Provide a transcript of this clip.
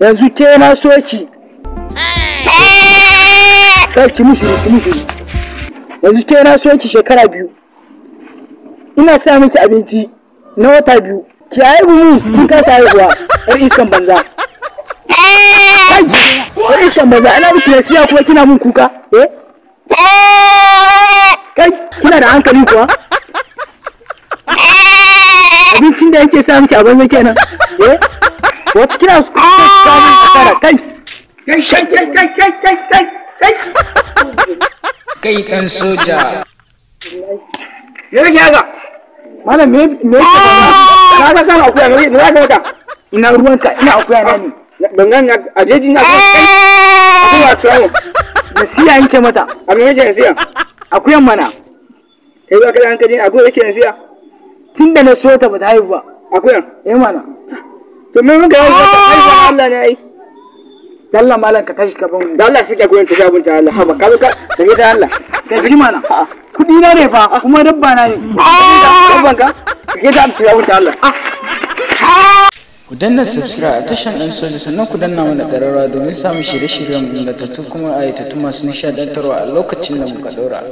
yanzu ke na so ki ki mushiri ki mushiri yanzu ke na so ki shekara biyu ina sa miki abinci na wata biyu ki haihu mu kin kasa haihuwa har iskan banza har iskan banza ana miki siya kuma kina mun kuka eh kai kina da hankali kuwa abincin da yake sa miki a banza kenan eh wata kina su kai kai kai kai kai kai kai kai kai kai ɗan soja ya rage haka mana me me ka ga san akuya ne ne ga wata ina ruwanka ina akuya ne ban gan a jeji na kai akuya tsawo na siya yanke mata a me yake siya akuyan mana kai ba ka hankali kaje akuya yake siya tun da na so ta ba ta haihu ba akuyan eh mana to me muka yi haihuwar Allah ne ai dalla malam ka tashi ka ban mu dalla shi ke koyon ta sabon ta Allah haba ka ka ta da Allah ka ji mana kudi na ne fa kuma dabba na ne dabban ka ka da ta sabon ta Allah ku danna subscribe a tashan ɗan soja sannan ku danna mana ƙararrawa domin samun shirye-shiryen da ingantattu kuma a yi masu nishaɗantarwa a lokacin da muka ɗora